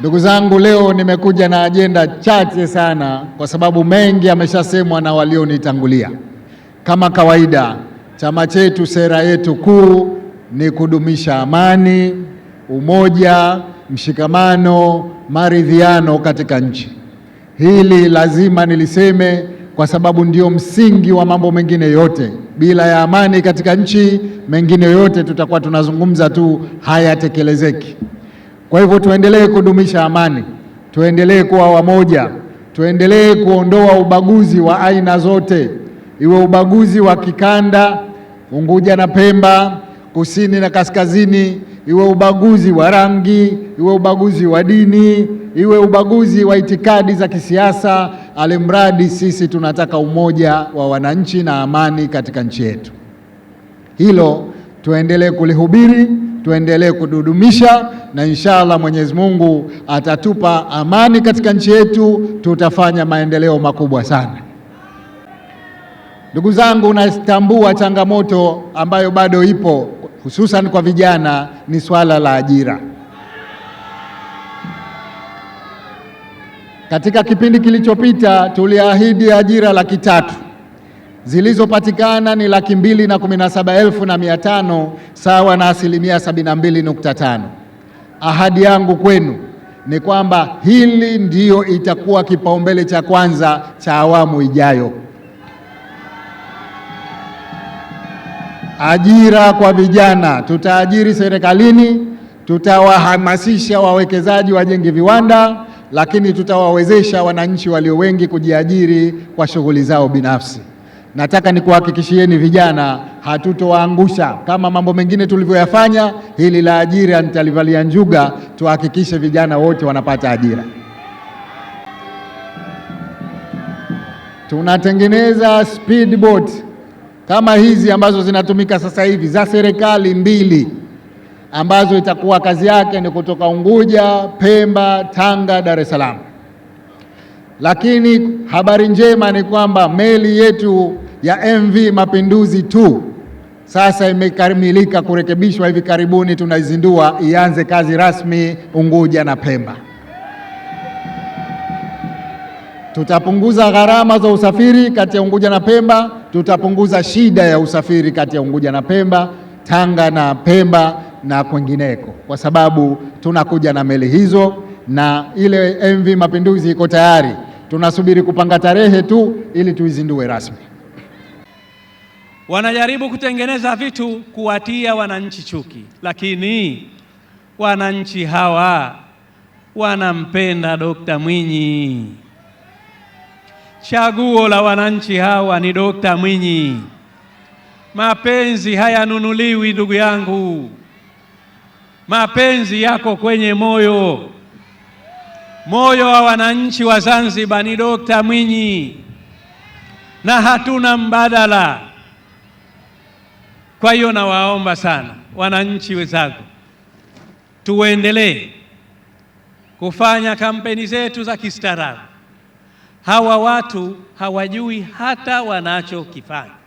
Ndugu zangu, leo nimekuja na ajenda chache sana, kwa sababu mengi ameshasemwa na walionitangulia. Kama kawaida, chama chetu, sera yetu kuu ni kudumisha amani, umoja, mshikamano, maridhiano katika nchi. Hili lazima niliseme, kwa sababu ndio msingi wa mambo mengine yote. Bila ya amani katika nchi, mengine yote tutakuwa tunazungumza tu, hayatekelezeki. Kwa hivyo tuendelee kudumisha amani, tuendelee kuwa wamoja, tuendelee kuondoa ubaguzi wa aina zote, iwe ubaguzi wa kikanda, Unguja na Pemba, kusini na kaskazini, iwe ubaguzi wa rangi, iwe ubaguzi wa dini, iwe ubaguzi wa itikadi za kisiasa. Alimradi sisi tunataka umoja wa wananchi na amani katika nchi yetu. Hilo tuendelee kulihubiri tuendelee kududumisha, na inshallah Mwenyezi Mungu atatupa amani katika nchi yetu, tutafanya maendeleo makubwa sana. Ndugu zangu, natambua changamoto ambayo bado ipo hususan kwa vijana ni swala la ajira. Katika kipindi kilichopita tuliahidi ajira laki tatu zilizopatikana ni laki mbili na kumi na saba elfu na mia tano sawa na asilimia sabini na mbili nukta tano. Ahadi yangu kwenu ni kwamba hili ndiyo itakuwa kipaumbele cha kwanza cha awamu ijayo. Ajira kwa vijana, tutaajiri serikalini, tutawahamasisha wawekezaji wajenge viwanda, lakini tutawawezesha wananchi walio wengi kujiajiri kwa shughuli zao binafsi. Nataka nikuhakikishieni vijana, hatutoangusha kama mambo mengine tulivyoyafanya. Hili la ajira nitalivalia njuga, tuhakikishe vijana wote wanapata ajira. Tunatengeneza speedboat kama hizi ambazo zinatumika sasa hivi za serikali mbili, ambazo itakuwa kazi yake ni kutoka Unguja, Pemba, Tanga, Dar es Salaam. Lakini habari njema ni kwamba meli yetu ya MV Mapinduzi tu sasa imekamilika kurekebishwa, hivi karibuni tunaizindua ianze kazi rasmi Unguja na Pemba. Tutapunguza gharama za usafiri kati ya Unguja na Pemba, tutapunguza shida ya usafiri kati ya Unguja na Pemba, Tanga na Pemba na kwingineko, kwa sababu tunakuja na meli hizo na ile MV Mapinduzi iko tayari tunasubiri kupanga tarehe tu ili tuizindue rasmi. Wanajaribu kutengeneza vitu kuwatia wananchi chuki, lakini wananchi hawa wanampenda Dokta Mwinyi. Chaguo la wananchi hawa ni Dokta Mwinyi. Mapenzi hayanunuliwi ndugu yangu, mapenzi yako kwenye moyo. Moyo wa wananchi wa Zanzibar ni Dokta Mwinyi na hatuna mbadala. Kwa hiyo nawaomba sana wananchi wenzangu, tuendelee kufanya kampeni zetu za kistaarabu. Hawa watu hawajui hata wanachokifanya.